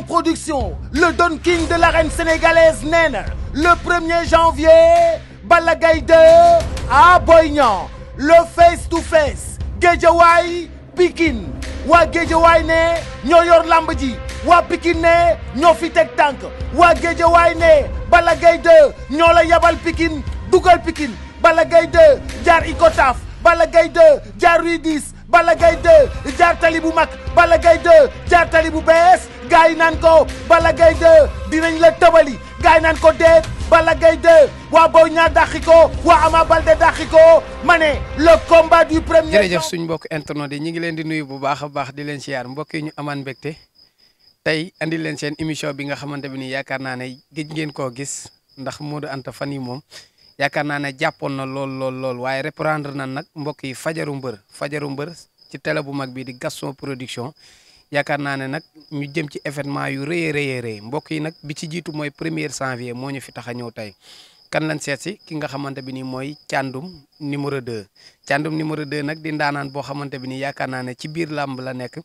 Gaston Production le Don King de l'arène sénégalaise nee na le premier janvier Balla Gaye à Boy Niang le face to face Guédiawaye Pikine waa Guédiawaye ne ñoo yor lamb ji waa Pikine ne ñoo fi teg tànk waa Guédiawaye ne Balla Gaye 2 ñoo la yabal Pikine dugal Pikine Balla Gaye 2 jaar Ikotaf Balla Gaye 2 jaar Balla Gaye 2 jaar bu mag Balla Gaye 2 jaar gars naan ko Balla Gaye 2 dinañ la tëbali gars naan ko déet Balla Gaye 2 waa Boy Niang dàqi ko waa Ama Baldé dàqi ko ma ne le combat du premier. jërëjëf suñ mbokk internet yi ñu ngi leen di nuyu bu baax a baax di leen siyaar mbokk yi ñu amaan mbégte tey indi leen seen émission bi nga xamante bi ni yaakaar naa ne gëj ngeen koo gis ndax Modou Anta fan yi moom. yaakaar naa ne jàppoon na lool lool lool waaye reprendre na nag mbokk yi fajaru mbër fajaru mbër ci télé bu mag bi di Gaston Production yaakaar naa ne nag ñu jëm ci événement yu rëy a rëy rëy mbokk yi nag bi ci jiitu mooy première janvier moo ñu fi tax a ñëw tey kan lañ seet si ki nga xamante bi nii mooy càndum numéro 2 càndum numéro 2 nag di ndaanaan boo xamante bi nii yaakaar naa ne ci biir làmb la nekk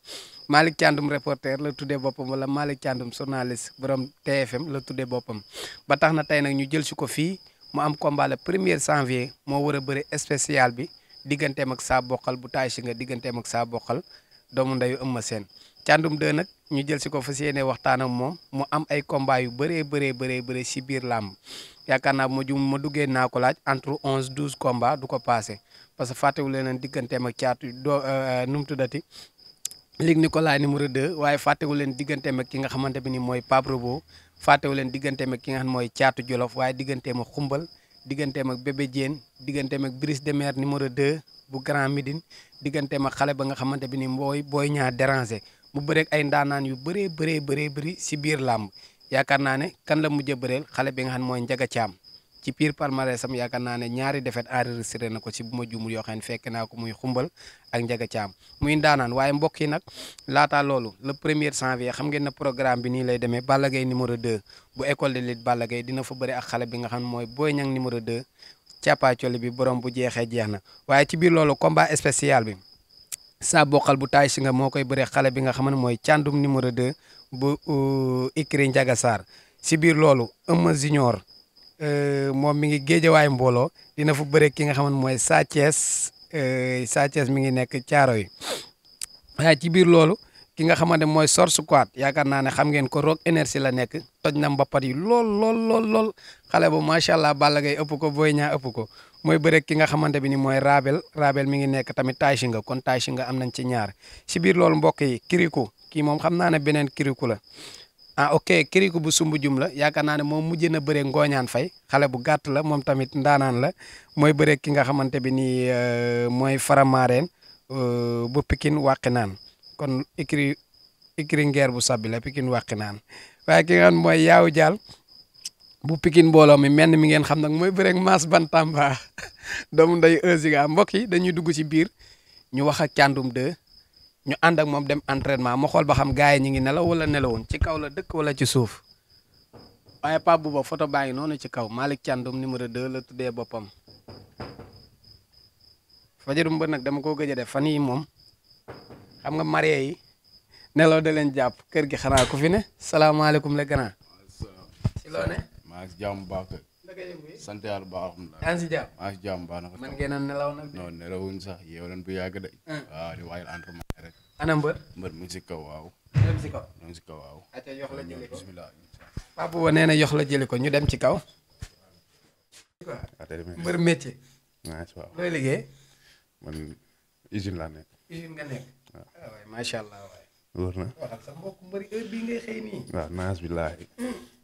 Malick Thiandoum reporter la tuddee boppam wala Malick Thiandoum journaliste borom TFM la tuddee boppam ba tax na tey nag ñu jël si ko fii mu am combat le premier moo war a bëri spécial bi digganteem ak saa bokkal bu taay si nga digganteem ak saa bokkal doomu ndeyu Eumeu Sène Thiandoum 2 nag ñu jël si ko fas yéene waxtaan ak moom mu am ay combat yu bëree bëree bëree bëri si biir làmb yaakaar naa bu ma ju ma duggee naa ko laaj entre onze douze combat du ko passé parce que fàttewu leen digganteem ak caatu doo euh, euh, nu mu tuddati Luc Nicolaï numéro 2 waaye fàttewu leen digganteem ak ki nga xamante bi ni mooy Pape Robo fàttewu leen digganteem ak ki nga xam mooy caatu Jolof waaye digganteem ak xumbal digganteem ak Bébé Diène digganteem ak Brice Demer numéro 2 bu Grand Médine digganteem ak xale ba nga xamante bi ni mooy booy ñaa déranger mu bëreeg ay ndaanaan yu bëree bëree bëree bëri si biir làmb yaakaar naa ne kan la mujj a xale bi nga xam mooy Njaga Caam ci biir palmarès sam yaakaar naa ne ñaari defet enregistré na ko ci bu ma juumul yoo xam ne fekk naa ko muy xumbal ak njaga caam muy ndaanaan waaye mbokk yi nag laataa loolu le premier janvier xam ngeen ne programme bi nii lay demee Balla Gaye numéro bu école de lutte Balla Gaye dina fa bëri ak xale bi nga xam mooy booy Niang numéro 2 càppaacoli bi borom bu jeexee jeex na waaye ci biir loolu combat spécial bi saa bokkal bu taay si nga moo koy bëree xale bi nga xam ne mooy càndum numéro 2 bu euh, Ikri Ndiaga Sarr si biir loolu Eumeu Junior euh, moom mi ngi géejawaay mbooloo dina fu bëre ki nga xam mooy Sa Thiès euh, Sa mi ngi nekk caaro yi waaye ci biir loolu ki nga xamante mooy Source Squad yaakaar naa ne xam ngeen ko rock énergie la nekk toj na mbapat yi lool lool xale bu macha allah Balla Gaye ëpp ko Boy Niang ëpp ko mooy bëreeg ki nga xamante bi ni mooy raabel raabel mi ngi nekk tamit taysi nga kon taysi nga am nañ ci ñaar si biir loolu mbokk yi kiriku ki moom xam naa ne beneen kiriku la ah ok kiriku bu sumbu jum la yaakaar naa ne moom mujj na bëre ngooñaan fay xale bu gàtt la moom tamit ndaanaan la mooy bëreeg ki nga xamante bi ni euh, mooy faramaareen euh, bu pikin wàqi naan kon ikri ikri ngeer bu sabbi la pikin wàqi naan mooy yaaw jaal bu pikin mbooloo mi menn mi ngeen xam nag mooy bëreeg Mass Bantamba doomu day Euziga mbokk yi dañuy dugg ci biir ñu wax ak Thiandoum 2 ñu ànd ak moom dem entraînement ma xool ba xam gars yi ñu ngi nelaw wala nelawoon ci kaw la dëkk wala ci suuf waaye bu Bouba photo baa ngi noonu ci kaw Malick Thiandoum numéro 2 la tuddee boppam. fajarum ba nag dama koo gëj a def fan yii moom xam nga marié yi nelaw da leen jàpp kër gi xanaa ku fi ne salaamaaleykum le grand. ngi si jàmm baax kay. sant yàlla baax alhamdulilah. na ko. man ngeen a nelaw nag de. non nelawuñ sax yeewu leen bu yàgg de. Ah. waaw di waayal entraînement rek. ana mbër. mbër mu ngi si kaw waaw. dem si kaw dem si kaw waaw. ayca yox la jëli ko bisimilah. la jëli ko ñu dem ci kaw. mbër métier. waaw looy liggéey. man usine ah, allah waay. wóor bii ngay xëy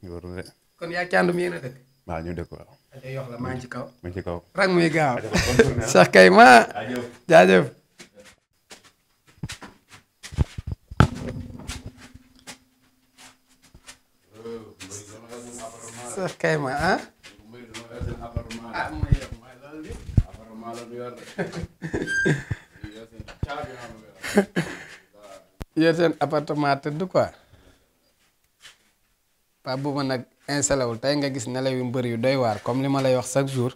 nii. kon yaa càndum yéen a dëkk. la maa ngi ci kaw. maa ngi kaw rag muy kay ma jaajëf. sax kay ma ah. yor seen appartement tëdd quoi. paa booba nag. installé tey nga gis nelaw yu mbër yu doy waar comme li ma lay wax chaque jour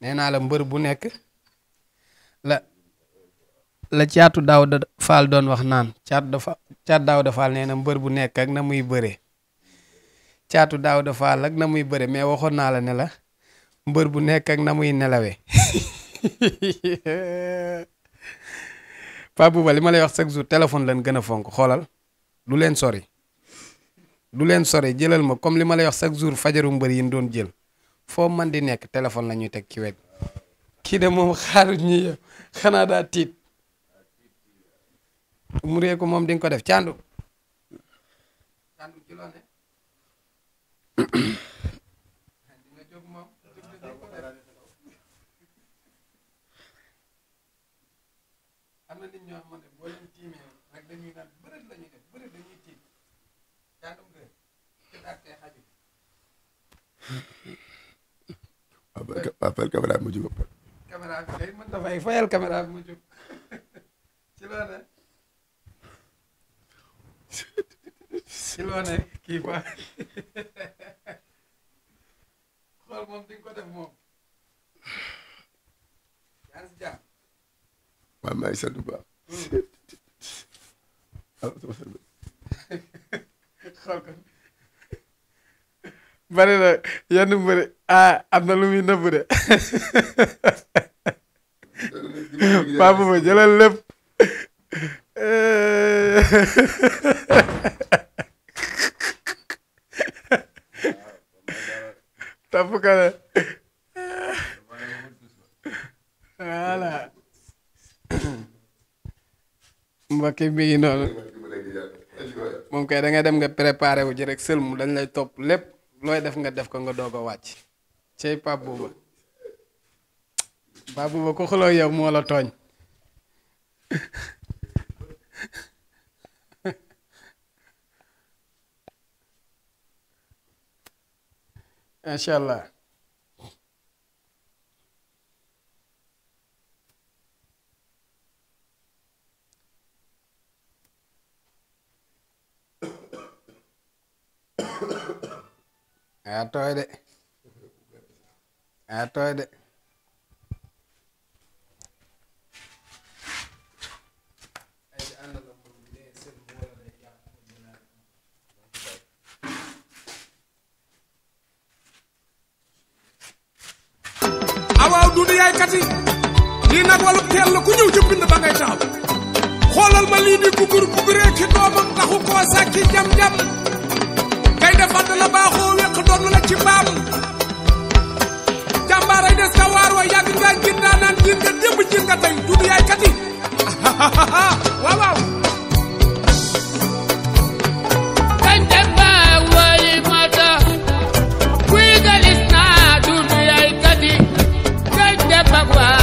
nee naa la mbër bu nekk la la caatu daaw wax naan caatu na mbër bu nekk ak na muy bëree caatu daaw da faal ak na muy bëree mais waxoon naa la ne la mbër bu nekk ak na muy nelawee Pape Bouba li ma lay wax chaque jour téléphone lañ gën a fonk xoolal du leen sori. du leen sore jëlal ma comme li ma lay wax chaque jour fajaru mbër yi doon jël foo man di nekk téléphone la ñuy teg ci wet kii de moom xaarut ñi yëpp xanaa daa tiit mu ree ko moom di ko def càndu ci loo fayal caméra bi mu jóg. caméra bi léegi mën na mu jóg ci kii quoi xool moom di ko def moom. yaa ngi si maa ngi sant bu baax. xool ko. bari ah am na lu muy nëbb de papa ma jëlal lépp tapp ka ne voilà mbokk yi mi moom kay da ngay dem nga préparé wu ji rek sëlmu dañ lay topp lépp looy def nga def ko nga doog a wàcc cey Pape Bouba Pape Bouba ku xuloo yow moo la tooñ incha allah a tooy de lii nag walu teel la ku ñëw ci bind ba ngay taxaw xoolal ma lii di bugur buguree ki doomam taxu koo sàkki jam-jam kay defadd la baaxoo wéq doon la ci baam tey des ka waar wa yàgg nga ngir daanaan ngir nga démb ngir nga tey dudu yaay kati waaw waaw Wow.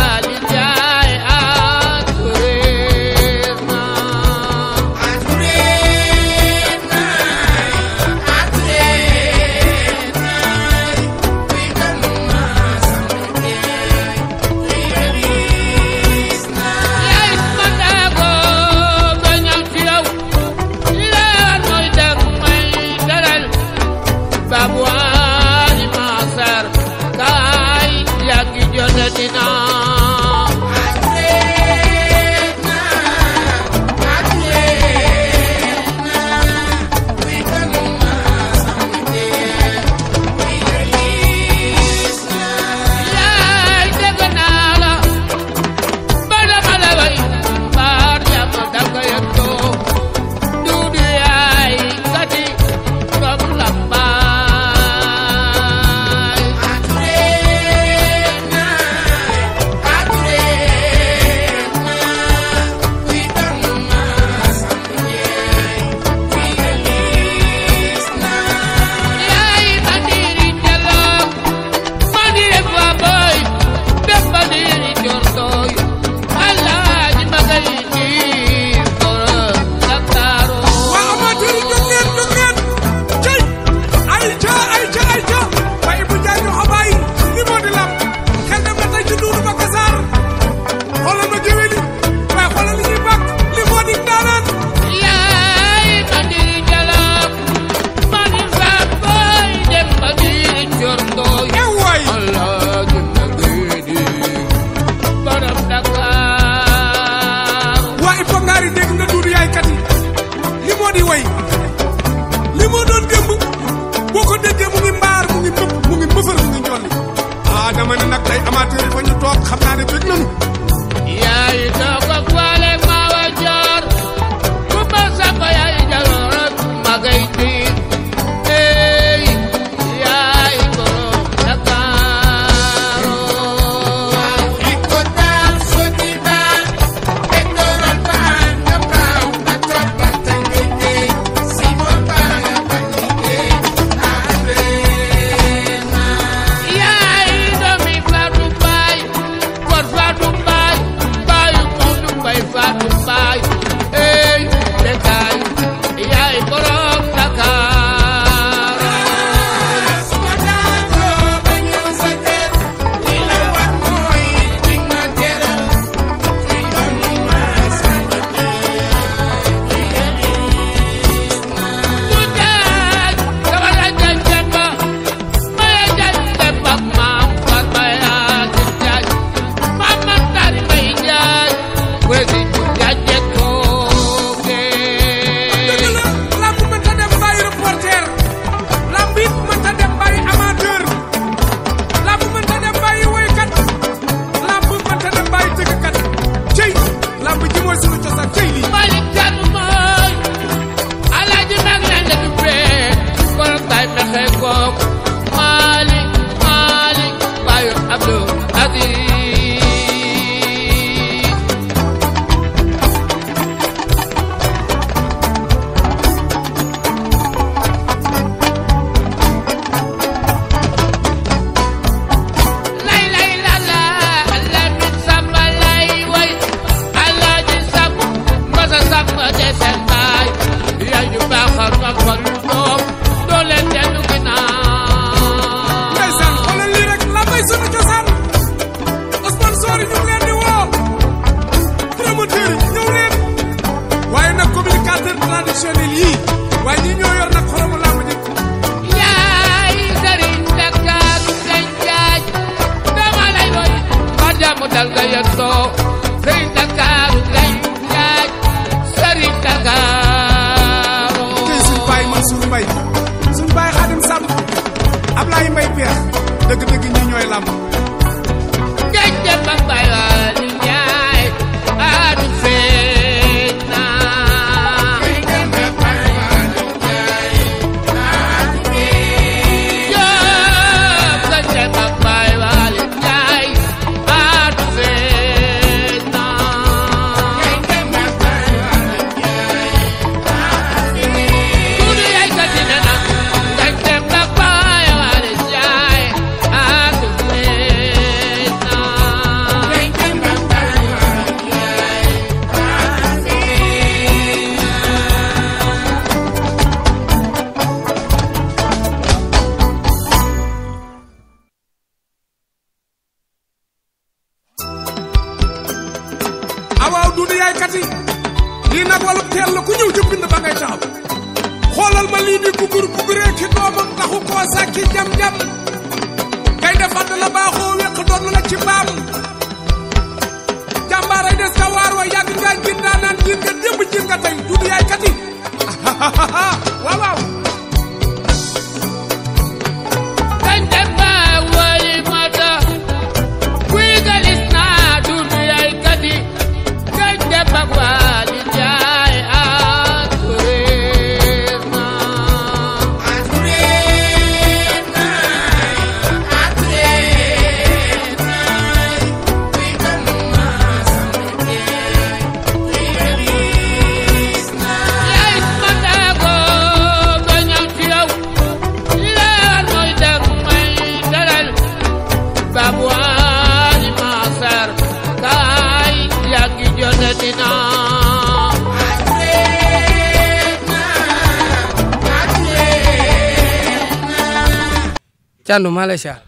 Thierno maa lay siyaar.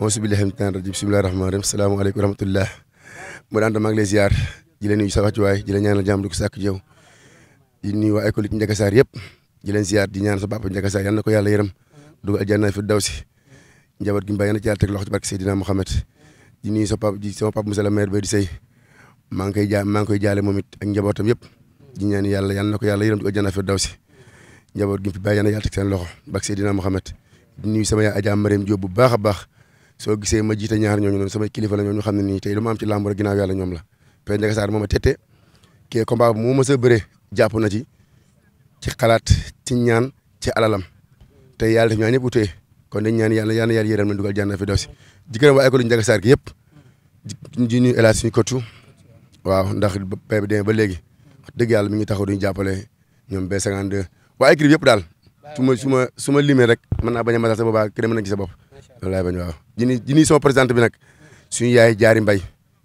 auzu billaahi mina shaytaani rajiim bismillaahi rahmaani rahiim salaamaaleykum wa rahmatulah. Modou Anta maa ngi la nuyu sa wàccuwaay di la ñaanal jàmm di ko sàkk jëw di nuyu waa école Ndiaga Sarr yëpp di leen ziar di ñaan sa papa Ndiaga Sarr yal na ko yàlla yërëm dugal àjjana daw si njaboot gi mbaa na ci yàlla teg loxo ci barke Seydina Mohamed di nuyu sa papa di sama papa maa ngi koy ja maa ngi koy jaale moom it ak yëpp di ñaan yàlla yal na ko yàlla yërëm dugal àjjana fi daw si njaboot gi mbaa yal na yàlla teg seen loxo barke Seydina Mohamed nuyu sama yaay Adja Mariam bu baax a baax soo gisee ma jiite ñaar ñooñu noonu sama kilifa la ñoom xam ne nii tey lu ma am ci làmb rek ginnaaw yàlla ñoom la Père Ndiaga moom a tette kii combat mu mës a bëree na ci ci xalaat ci ñaan ci alalam te yàlla def ñaan ñëpp utee kon dañ ñaan yàlla yàlla yàlla yéeral ma dugal jànna fi doosi di gërëm waa école Ndiaga Sarr gi yëpp di ñu élaaj suñu kotu waaw ndax pay bi demee ba léegi wax dëgg yàlla mi ngi taxaw duñu jàppale ñoom B52 waa équipe yëpp daal su ma su ma su ma limee rek mën naa bañ a matal sa boobaa kër mën na gis sa bopp loolu laay bañ waaw di nuyu di nuyu sama yaay jaari mbay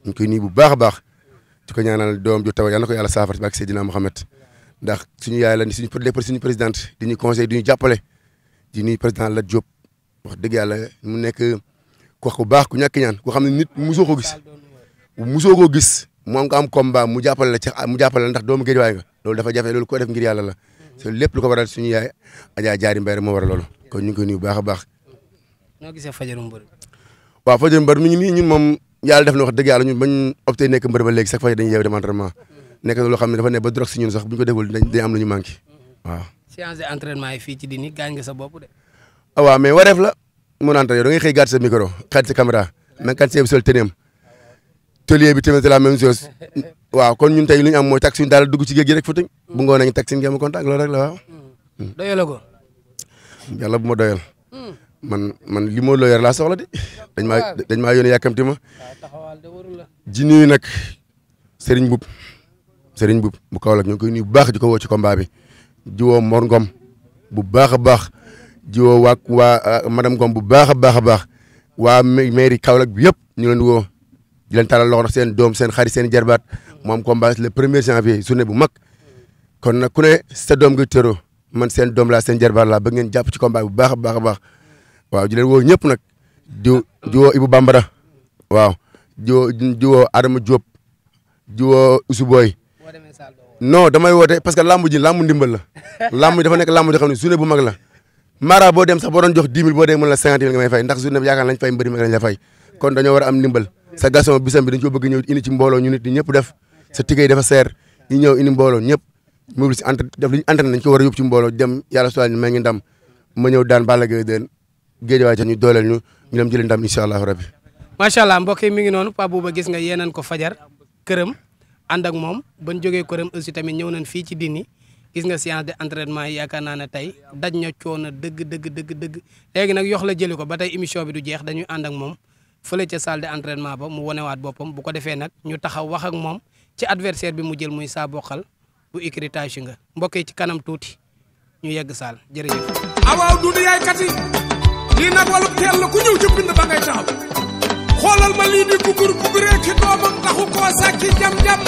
ñu koy bu baax a baax di ko ñaanal doom ju taw yàlla ko yàlla saafara ak Seydina Mohamed ndax suñu yaay la ni suñu suñu présidente di ñu conseil di ñu jàppale di nuyu président Lat Diop wax dëgg yàlla mu nekk ku wax bu baax ku ñàkk ñaan ku xam ne nit musoo ko gis musoo ko gis moom nga am combat mu jàppale la ci mu jàppale la ndax doomu géej loolu dafa jafe loolu ko def ngir yàlla la te lépp lu ko waral suñu yaay Adja Jaari Mbay moo waral loolu ko ñu ngi koy nuyu bu baax a baax. noo gisee fajaru mbër. waaw fajaru mbër mi ñun moom yàlla def na wax dëgg yàlla ñun bañ nekk mbër ba léegi chaque fois dañuy yeew dem entraînement nekk na loo xam ne dafa ne ba si ñun sax bu ñu ko deful dañ am lu ñu manqué waaw. séance d'entraînement yi fii ci dini gaañ nga sa bopp de. ah waaw mais wareef la mun a entraîné da ngay xëy sa micro xaaj sa caméra même quand c'est sol bi tamit la même waaw kon ñun tey li ñu am mooy taxi daal dugg ci géej gi rek Fatick. bu ngoon nañu taxi ngeen ma contact loolu rek la waaw. Mm. bu ma doyal. Mm. man man li ma loo yor laa soxla di. dañ maa dañ maa yónnee ji nuyu nag Serigne Boub Serigne bu Kaolack ñu ngi koy nuyu bu baax di ko woo ci combat bi. di woo Mor Ngom bu baax a baax. di woo waa waa euh, madame bu baax a baax a baax. waa mairie Kaolack bi yëpp ñu leen woo. di leen talal loxo seen doom seen xarit seen jarbaat mu am combat le premier janvier journée bu mag kon nag ku ne sa doom ge tëroo man seen doom laa seen jarbaat laa ba ngeen jàpp ci combat bu baax a baax wa baax waaw di woo ñëpp nag di di woo Ibou Bambara waaw di woo di woo Adama woo Ousou parce que lamb ji lamb ndimbal la lamb ji dafa nekk lamb joo xam ne journée bu mag la mara boo dem sax boo doon jox 10 000 boo dee mën la 50 000 nga may fay ndax fay mbëri ma fay kon dañoo war a am ndimbal sa gaston bisam bi dañ ko bëgg ñëw indi ci mbooloo ñu nit ñi ñëpp def sa tigay dafa seer ñu ñëw indi mbooloo ñëpp mobil si entre def li ñu entraîné a yóbbu ci mbooloo dem yàlla suwal ñu may ngi ndam ma dooleel ñu ñu dem jëlee macha allah mbokk mi ngi noonu Pape Bouba gis nga yeenan ko fajar këram ànd ak moom bañ jógee këram aussi tamit ñëw nañ fii ci dini gis nga séance de entraînement yaakaar naa ne tey daj na coono dëgg dëgg dëgg dëgg léegi nag yox la jëli ko ba tey émission bi du jeex dañuy ànd moom fële ca salle de entraînement ba mu wonewaat boppam bu ko defee nag ñu taxaw wax ak moom ci adversaire bi mu jël muy saa bokkal bu écritage nga mbokk ci kanam tuuti ñu yegg saal jërëjëf. awaaw ah du yaay kat yi lii ku ñëw ci bind ba ngay taxaw xoolal ma lii di kukur kukuree ki doomam taxu koo sàkki jam-jam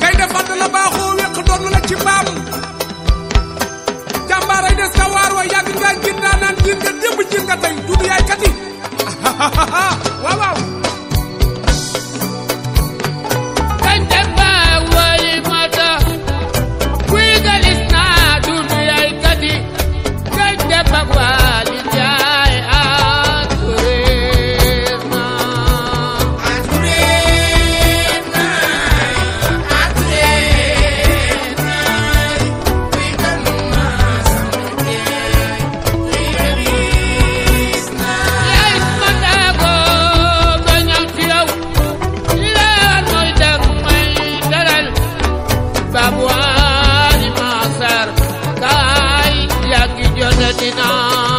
kay defar la baaxoo wéq doon la ci mbaam jàmbaaray des ka waar wa yàgg ngaa gis nga démb ji nga tey du yaay kat waaw waaw Medina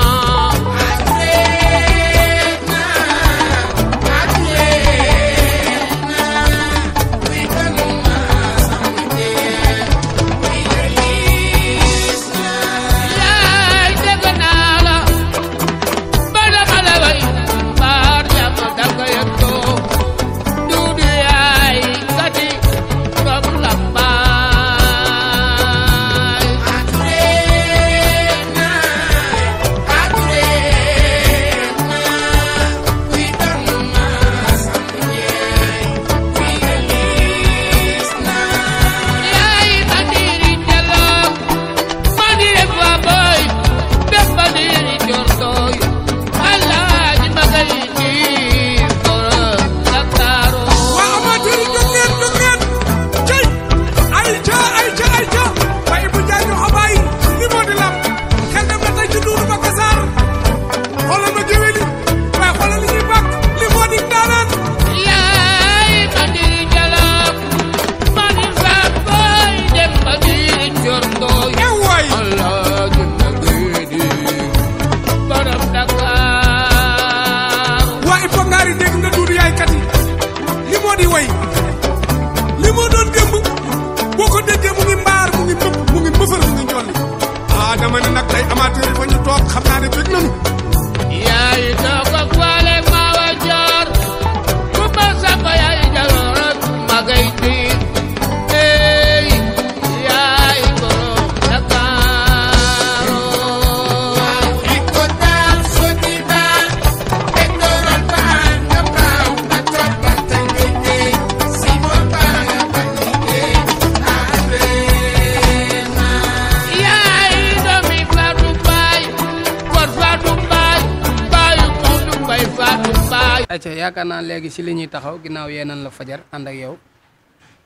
yaakaar naa léegi si li ñuy taxaw ginnaaw yeenan la fajar ànd ak yow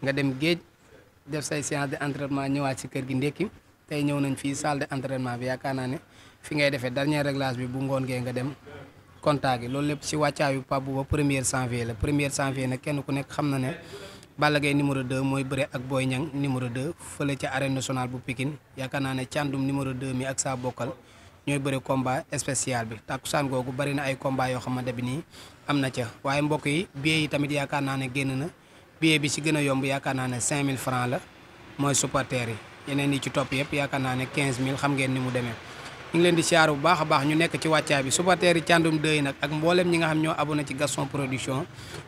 nga dem géej def say séance de entraînement ñëwaat si kër gi ndékki tey ñëw nañ fii sale de entraînement bi yaakaar naa ne fi ngay defee dernier réglage bi bu ngoon gee nga dem contact gi loolu lépp si wàccaayu Pape Bouba premier janvier la premier janvier nag kenn ku nekk xam na ne Balla Gaye numéro 2 mooy bëre ak Boy Niang numéro 2 fële ca arène nationale bu Pikine yaakaar naa ne càndum numéro 2 mi ak saa bokkal ñooy bëri combat spécial bi tàkkusaan googu bari na ay combat yoo xamante bi nii am na ca waaye mbokk yi billet yi tamit yaakaar naa ne génn na billet bi ci gën a yomb yaakaar naa ne 5000 francs la mooy supporter yi yeneen yi ci topp yëpp yaakaar naa ne 15000 xam ngeen ni mu demee ñu ngi leen di siyaar bu baax a baax ñu nekk ci wàccaa bi supporter yi Thiandoum 2 nag ak mboolem ñi nga xam ñoo abonné ci Gaston Production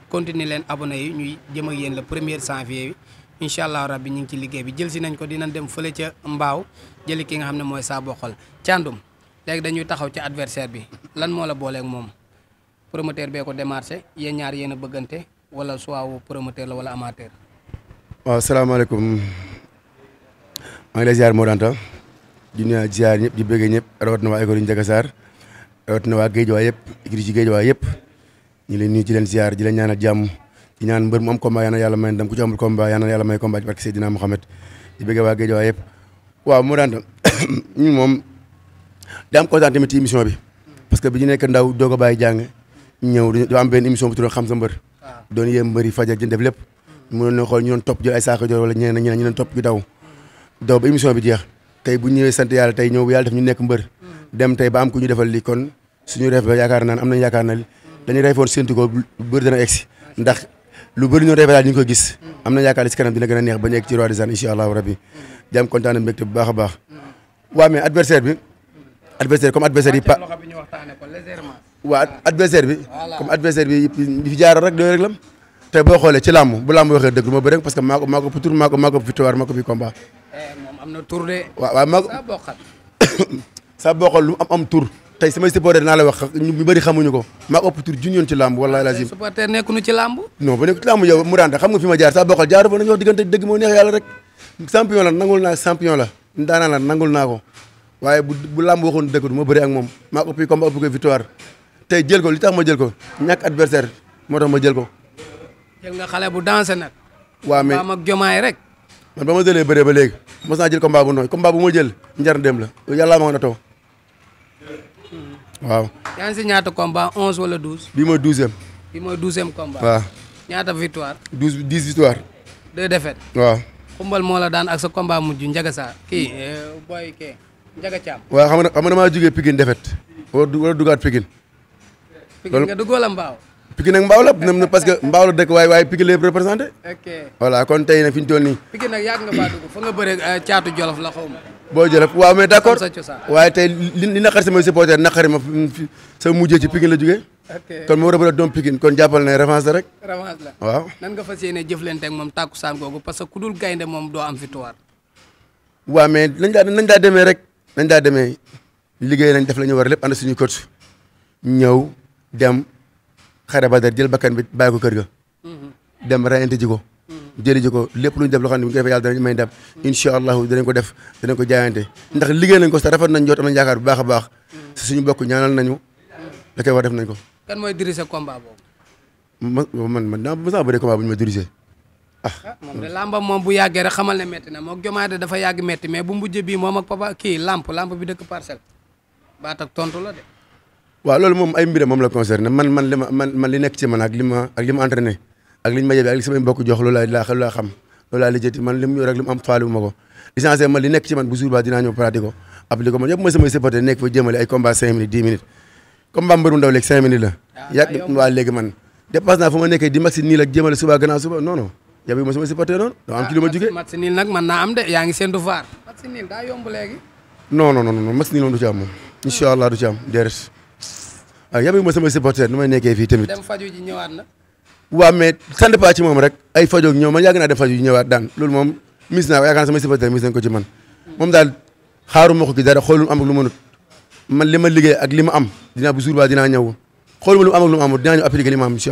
continue leen abonné yi ñuy jëm ak yéen le premier janvier incha allah rabbi ñu ngi ci liggéey bi jël si nañ ko dinañ dem fële ca mbaaw jëli ki nga xam ne mooy saa boxol Thiandoum léegi dañuy taxaw ci adversaire bi lan moo la booleeg moom promoteur bee ko démarché yéen ñaar yéen bëggante wala soit wu promoteur la wala amateur. waaw salaamaaleykum maa ngi lay ziar Modou Anta di nuyu ziar ñëpp di bëggee ñëpp rawatina waa école Ndiaga Sarr rawatina waa Géejawaay yëpp écrit géej waa yëpp ñu leen nuyu di leen ziar di leen ñaanal jàmm di ñaan mbër mu am combat yàlla may ndam ku ci amul combat yàlla may combat ci barke Seydina Mohamed di bëggee waa Géejawaay yëpp waaw Modou Anta ñun moom. di am kontaan tamit ci émission bi parce que bi ñu nekk ndaw doog a bàyyi jàng ñëw dafa am benn émission bu tudd xam sa mbër ah. doon yéem mbëri faja jën lépp mënoon na xool topp jël daw daw ba émission bi jeex tey bu ñu nekk mbër hmm. dem tey ba am ku ñu defal li kon suñu ref yaakaar naan am nañu yaakaar na dañuy refoon séntu ko bëri dana egsi hmm. ndax lu bëri ñu refe daal ñu ngi ko gis hmm. am nañu yaakaar si kanam dina gën a ñu egg ci roi des arènes incha allahu rabbi di adversaire comme adversaire yi pa waaw adversaire bi comme rek doy rek lam te boo xoolee ci làmb bu làmb waxee dëgg du ma bëri parce que maa ko maa ko tour maa ko maa ko eh, na tour de. waaw waaw maa am am tour. tey samay supporter naa la wax ñu bëri xamuñu ko maa ko ëpp tur junjoon ci làmb wallaahi ah, lazim supporter nekkunu ci làmb non ba nekk ci làmb yow mu daanta xam nga fi jaar saa bokkal jaaru fa nañu wax diggante dëgg moo neex yàlla rek champion la nangul naa champion la daanaa la nangul naa ko waaye bu bu làmb waxoon dëgg du ma bëri ak moom maa ko ëpp combat ëpp ko victoire tey jël ko li tax ma jël ko ñàkk adversaire moo tax ma jël ko. jël nga xale bu dansé nag. waa mais maam ak jomaay rek. man ba ma jëlee bëree ba léegi mos naa jël combat bu nooy combat bu ma jël njar dem la yàlla ma na taw hmm. waaw. yaa ngi si ñaata combat onze wala douze. bii mooy douzième. bii mooy douzième combat. waaw ñaata victoire. douze dix victoire. deux défaites. waaw. moo la daan ak sa combat mujj njaga saa kii eh, Njaga Caam waaw xam nga xam nga damaa defet war war a dugaat Pikine. Pikine nga dugg wala Mbaaw. Pikine Mbaaw la na parce que Mbaaw la dëkk waaye waaye Pikine lay représenté. ok kon tey nag fi ñu toll nii. nag yàgg nga nga bëree euh, caatu Jolof la xaw boo Jolof waaw mais d'accord waaye tey li li naqari samay supporter naqari ma sa mujjee ci Pikine la jógee. kon moo rëbëra doom Pikine kon jàppal ne revanche la rek. waaw. nan nga fas yéene jëflante ak moom tàkkusaan googu parce ku dul gaynde moom doo am victoire. waaw mais nañ daa nañ daa demee nañ daa demee liggéey nañ def la ñu war lépp ànd suñu coach ñëw dem xare Badar jël bakkan bit bàyyi ko kër ga. dem rayante ji ko. jëli ji ko lépp lu ñu def loo xam ne bu ñu yàlla danañ may ndam incha allahu danañ ko def danañ ko jaayante ndax liggéey nañ ko sa rafet nañ jot am nañ yaakaar bu baax a baax si suñu bokk ñaanal nañu la koy war def nañ ko. kan mooy diriger combat boobu. ma man man daa ma sax bëri combat bu ñu ma moom de làmbam moom bu yàggee rek xamal ne métti na moom jomaa dafa yàgg métti mais bu mujj bii moom ak papa kii lamp lamp bi dëkk parcelle baat tontu la de. waaw loolu moom ay mbir moom la concerné man man li ma man man li nekk ci man ak li ma ak ma entraîné ñu mu yor ko licencié man nekk ci man bu jour la ah, yàgg waa léegi man dépasse suba gannaaw yabe ma sama supporter noonu dama am ci ah, li ma jugee match nil nag mën naa am de yaa ngi seen du faar match nil daa yomb léegi non non moom du ci am moom incha allah du ci am déedéet waaw ah, yabe ma sama supporter nu may nekkee fii tamit dem faju ji ñëwaat na waaw mais sant ci moom rek ay fajoog ñoom man yàgg naa dem faju ji ñëwaat daan loolu moom mis naa ko sama supporter mis nañ ci man moom daal xaaruma ko ki dara xoolul am ak lu mënut man li ma liggéey ak li ma am dinaa bu jour ba dinaa ñëw xooluma lu am ak lu ma amut dinaa ñu appliquer li mm.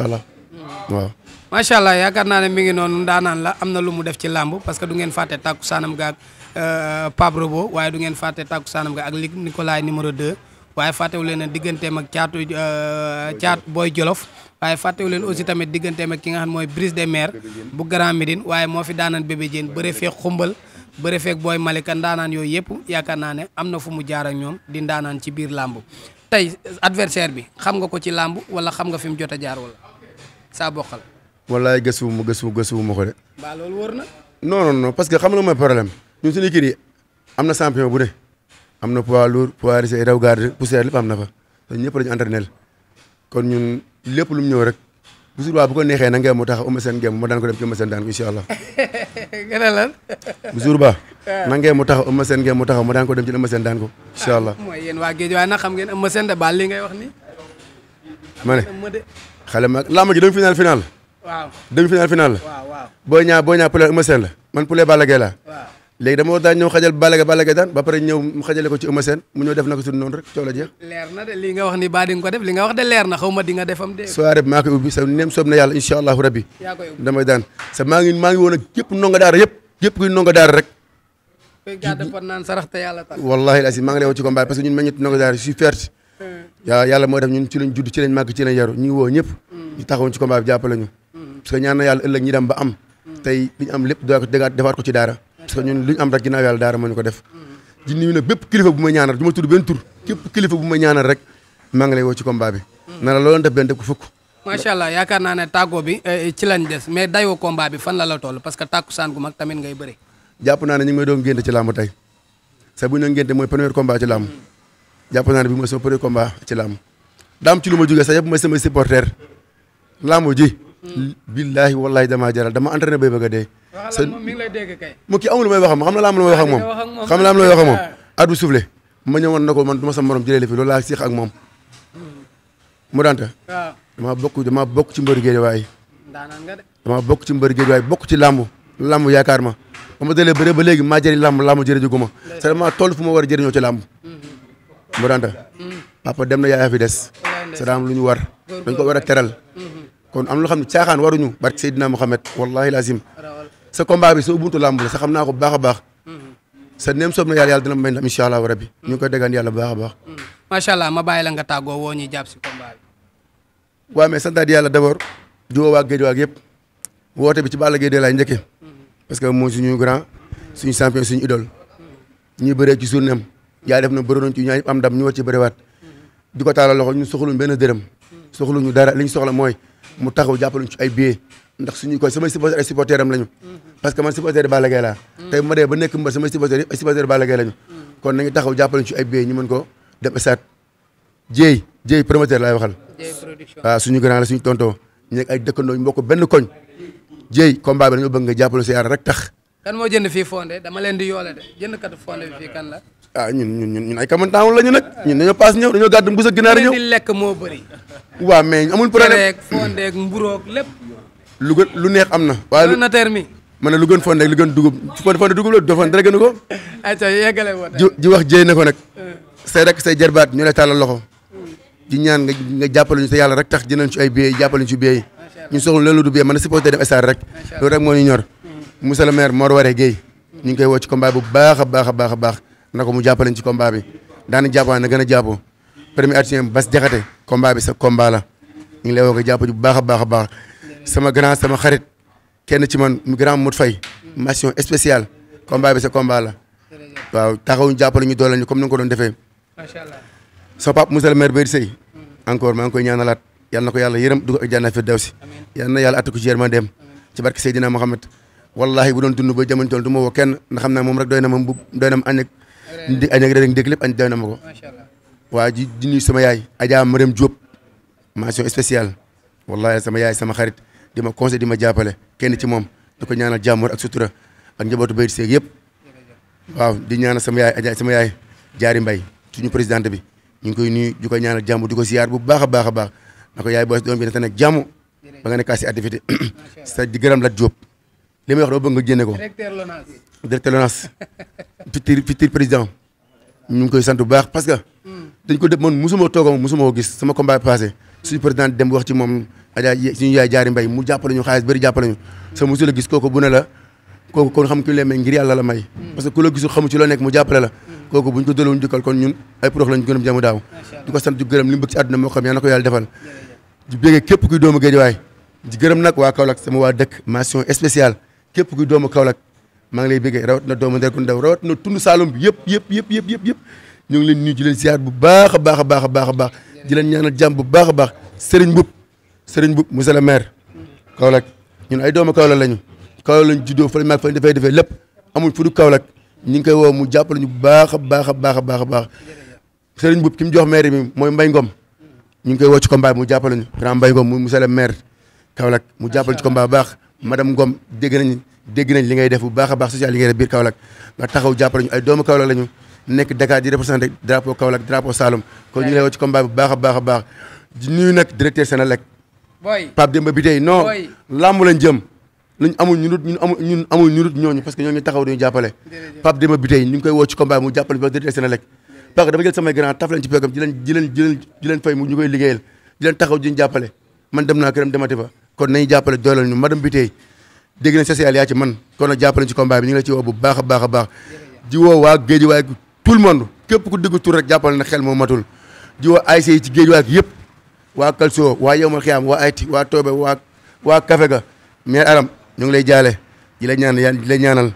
waaw macha allah yaakaar naa ne mi ngi noonu daanaan la am na lu mu def ci làmb parce que du ngeen fàtte tàkku saanam ga ak euh, Pape Robo waaye du ngeen fàtte tàkku saanam ga ak Luc Nicolaï numéro 2 waaye fàttewu leen a digganteem ak caatu caat booy Jolof waaye fàttewu leen aussi tamit digganteem ak ki nga xam mooy Brise de Mers bu Grand Médine waaye moo fi daanaan bébé Diène bëre feeg xumbal bëre feek booy Malika ndaanaan yooyu yëpp yaakaar naa ne am na fu mu jaar ak ñoom ci biir làmb tey adversaire bi xam nga ko ci làmb wala xam nga fi mu jot a jaar wala saa wallaay gëstu ma gëstu gëstu ma ko de. waaw loolu wóor na. non non non parce que xam nga mooy problème ñun suñu kii yi am na champion bu ne am na poids lourd poids risé raw garde poussière lépp am na fa te ñëpp dañu entraîner kon ñun lépp lu mu ñëw rek bu su bu ko neexee na ngeen mu tax Eumeu Sène ngeen ma daan ko dem ci Eumeu Sène daan ko incha ba na ngeen mu taxaw Eumeu Sène ngeen mu taxaw ma daan ko dem ci Eumeu Sène daan ko incha ah, allah. mooy yéen waa géej waaye nag xam ngeen Eumeu Sène ngay wax nii. ma ne xale ma làmb ji doon final final. waaw demi final final boo ñaa boo ñaa poulet Eumeu la man poulet Balla Gaye laa. waaw léegi dama war daan ñëw xajal Balla Gaye Balla Gaye daan ba pare ñëw mu xajale ko ci Eumeu Sène mu ñëw def na ko suñu noonu rek coow la jeex. na li nga wax ni ba ko def li nga wax de na xaw ma di maa ubbi sa neem soob na yàlla incha allahu rabbi. damay daan sa maa ngi maa ngi woon ak yëpp daara yëpp yëpp kuy ndongo daara rek. kuy te yàlla tax. la si maa ngi lay ci combat parce que ñun meññit ndongo daara suy ferte hmm. yàlla moo def ñun ci lañ judd ci lañ màgg ci lañ yaru ñu ngi ñëpp hmm. ñu taxawoon ci combat bi jàppale parce que ñaan na yàlla ëllëg ñi dem ba am tey li am lépp doo ko dégaat defaat ci daara parce am rek ginnaaw yàlla daara moo ñu ko def di nuyu nag bépp kilifa bu ma ñaanal du ma tudd benn tur képp kilifa bu mu ñaanal rek maa ngi lay woo ci bi na la looloon def benn def ko fukk macha allah yaakaar naa ne tàggoo bi eh, eh, ci lañ des mais dayoo combat bi fan la la toll parce que tàkkusaan gu mag tamit ngay bëri jàpp naa ne ñu ngi may doon ngénte ci làmb tey sa bu ñu ngénte mooy premier combat ci làmb jàpp naa ne bi mooy sama premier combat ci làmb daam ci ma jógee sax yëpp mooy samay supporter làmb ji billaahi wallaahi damaa jaral dama entraîné bay bëgg a dee. seen mi ngi lay mu kii amul may wax ak moom xam na laa am lu may wax ak moom. xam na am lu moom. at bu soufflé ma ñëwoon na ko man du ma sa morom jëlee la fi loolu laa siix ak moom. mu daanta waaw damaa bokk damaa bokk ci mbëri géejawaay. daanaan nga de. damaa bokk ci mbëri géejawaay bokk ci làmb. làmb yaakaar ma ba ma dalee bëre ba léegi maa jëriñ làmb làmb jërëjëgu ma. c'est vraiment fu ma war a jëriñoo ci làmb. Mm-hmm. mu daanta mm-hmm. papa dem na yaay fi des. c'est lu ñu war dañ ko war a teral mm-hmm. kon am na loo xam ne caaxaan waruñu barke Seydina Mohamed wallahi lazim sa combat bi sa ubuntu làmb la sa xam naa ko bu baax a sa neem soob na yàlla yàlla dina may ndam incha allah rabbi mm. ñu koy déggaan yàlla bu a baax mm. macha allah ma bàyyi la nga tàggoo woo ñuy jàpp si combat bi waaw mais santaat yàlla d'abord di woo waa géej waag yëpp woote bi ci Balla Gaye de laay njëkkee mm. parce que mooy suñu grand suñu champion suñu idole ñuy bëree ci journée am yaa def na bëroon ci ñaa am dam ñu war ci bëriwaat di ko taalal loxo ñu soxluñ benn dërëm soxluñu dara li ñu soxla mooy mu taxaw jàppale ci ay billets ndax suñu koy samay supporter ay supporter am lañu parce que man supporter Balla Gaye laa ma dee ba nekk mba samay supporter yëpp ay lañu kon nañu taxaw jàppale ci ay billets ñu mën ko dem stade laay waxal suñu grand suñu tonto ñu nekk dëkkandoo ñu bokk benn koñ jéey combat bi dañoo bëgg nga jàppale si yaara rek tax kan moo jënd fii fondé dama leen di yoole de jënd kat ah ñun ñun ñun ay kamantaawul lañu nag ñun dañoo paas ñëw dañoo gàddu mbuus ak ñëw lekk moo bëri waaw mais amul problème cereeg fondeeg mburoog lépp. lu gën lu neex am na. waaye lu notaire mi. ma ne lu gën fondeeg lu gën dugub fonde fonde dugub la dofoon dara gënu ko. ayca yeggale woo ji ji wax jéy na ko nag. Euh. say rek say jarbaat ñu lay tàllal loxo. di ñaan nga nga jàppale ñu te yàlla rek tax ji jënañ ci ay billets jàppale ñu ci billets ñu soxla loolu du billets mën na supporter dem stade rek. loolu rek moo ñu ñor. monsieur le maire Mor Waré Guèye. ñu ngi koy woo ci combat bu baax a baax baax a baax na ko mu jàppale ñu ci combat bi daan jàppaan na gën a jàppoo premier adjoint Bass Diakhaté combat sa combat la ñu ngi lay woo nga jàpp bu baax a baax a baax sama grand sama xarit kenn ci man grand Modou Faye mission spéciale combat bi sa combat la waaw taxawuñu jàppale ñu doole ñu comme ni nga ko doon defee. macha allah sama papa Moussa le encore maa ngi koy ñaanalaat yal na ko yàlla yërëm dugg ak jànna fi daw si yal na yàlla attiku ci yërmandeem ci barke Seydina Mohamed wallahi bu doon dund ba jamono tool du ma woo kenn ndax xam naa moom rek doy na ma bu doy na ma ànd ak di ànd ak ko. waa ji di sama yaay Adja Marème Diop mention spéciale wallahi sama yaay sama xarit di ma conseil di ma jàppale kenn ci moom di ko ñaanal jàmm ak sutura njabootu bayit seeg yëpp waaw di ñaanal sama yaay Adja sama yaay Jaari Mbay suñu présidente bi ñu ngi koy nuyu di ko ñaanal jàmm di ko siyaar bu baax a baax a baax na ko yaay boos doom bi na te nag jàmm ba nga nekkaa si activité sa di gërëm la Diop li may wax doo bëgg nga génne ko directeur LONASE directeur président ñu ngi koy sant bu baax parce que mm. dañ ko def man mosuma toogam mosuma ko gis sama combat passé suñu président dem wax ci moom Adja suñu yaay jaari mbay mu jàppale ñu xaalis bëri jàppale ñu sa mosu la gis kooku bu ne la kooku kon xam ki ñu yàlla la may mm. parce que ku la gisul nekk mu jàppale la mm. kooku buñ ko dëloon jukkal kon ñun ay prox lañ gënëm jamu gërëm li mu bëgg moo xam yàlla na ko yàlla defal di bégee képp kuy doomu géejawaay di gërëm nag waa Kaolack sama waa dëkk mention spéciale képp kuy doomu Kaolack maa ngi lay bëggee rawat na doomu ndeku ndaw rawat na tund Saalum bi yëpp yëpp yëpp yëpp yëpp yëpp ñu ngi leen nuyu di leen bu baax a baax a baax a baax a baax di leen ñaanal jàmm bu baax a baax Serigne Mboup Serigne Mboup monsieur le maire Kaolack ñun ay doomu Kaolack lañu Kaolack lañu juddoo fa lañ maag fa lañ defee defee lépp amul fu du Kaolack ñu ngi koy woo mu jàppale ñu bu baax a baax a baax a baax a baax Serigne Mboup ki mu jox maire bi mooy Mbaye Ngom ñu ngi koy woo ci combat mu jàppale ñu grand Mbaye Ngom mu monsieur le maire Kaolack mu jàppale ci combat bu baax madame Ngom dégg nañu dégg nañ li ngay def bu baax a baax social li ngay def biir Kaolack nga taxaw jàppale ñu nekk Dakar di représenté drapeau Kaolack drapeau Saloum kon bu baax a baax a baax di nuyu nag directeur Senelec booy Pape Demba bi tey non làmb lañ jëm luñ amul ñu dut ñun amul ñun ñu dut ñooñu parce que taxaw dañu jàppale Pape ñu ngi koy woo ci combat mu jàppale bi directeur Senelec parce que dama jël samay grand taf leen ci peggam di leen mu ñu koy liggéeyal di leen taxaw di ñu jàppale man dem naa këram demati fa ko nañu jàppale doolal ñu madame bi tey dégg na social yaa ci man kon nag jàppale ci combat bi ñu ngi la ci woo bu baax a baax a baax di woo waa géej waay tout le monde képp ku dégg tur rek jàppale na xel moo matul di woo ASC yi ci géej waay yëpp waa Kalso waa Yowmal Xiyaam waa Ayti waa Toobe waa waa Kafe ga mais aram ñu ngi lay jaale di la ñaan di la ñaanal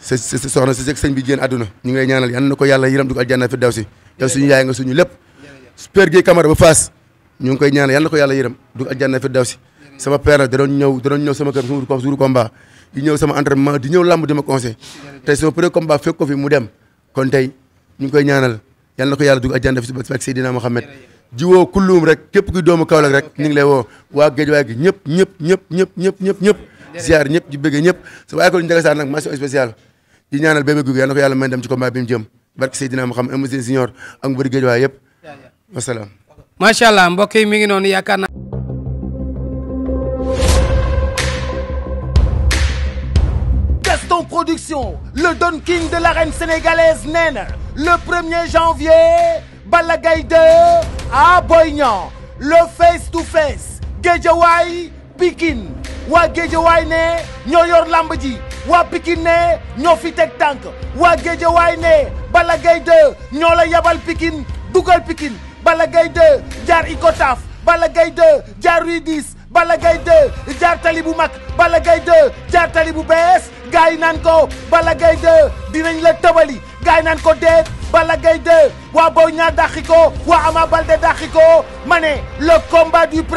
sa sa soxna sa sëñ bi génn àdduna ñu ngi lay ñaanal yan na ko yàlla yërëm dugg aljanna fi daw si yow suñu yaay nga suñu lépp super gi Camara ba faas ñu ngi koy ñaanal yan na ko yàlla yërëm dugg aljanna fi daw si sama père nag da doon ñëw da doon ñëw sama kër sama jour combat di ñëw sama di ma conseil tey sama premier combat fekk fi mu dem kon tey ñu ngi koy ñaanal yal na ko yàlla dugg àjjana fi si ak Seydina Mohamed ji woo kullum rek képp ñëpp ñëpp ñëpp ñëpp ñëpp ñëpp ñëpp ziar ñëpp di bëggee ñëpp sa waaye ko Ndiaga Sarr nag mention yal na ko yàlla may dem ci combat bi mu jëm barke Seydina Mohamed Emerson Senior ak mbëri géej waay yëpp wasalaam macha allah mbokk yi mi ngi noonu yaakaar production le Don King de l'arène sénégalaise nee na le premier janvier Balla Gaye 2 à Boy Niang le face to face Guédiawaye Pikine waa Guédiawaye ne ñoo yor lamb ji waa Pikine ne ñoo fi teg tànk waa Guédiawaye ne Balla Gaye 2 la yabal Pikine dugal Pikine Balla Gaye 2 Ikotaf Balla Gaye 2 jaar Balla Gaye 2 jaar tali bu mag Balla Gaye 2 jaar tali bu bees gars yi ko Balla Gaye 2 dinañ la tëbali gars yi ko déet Balla Gaye 2 waa Boy Niang ko waa Ama Baldé dàqi ko ma ne le combat du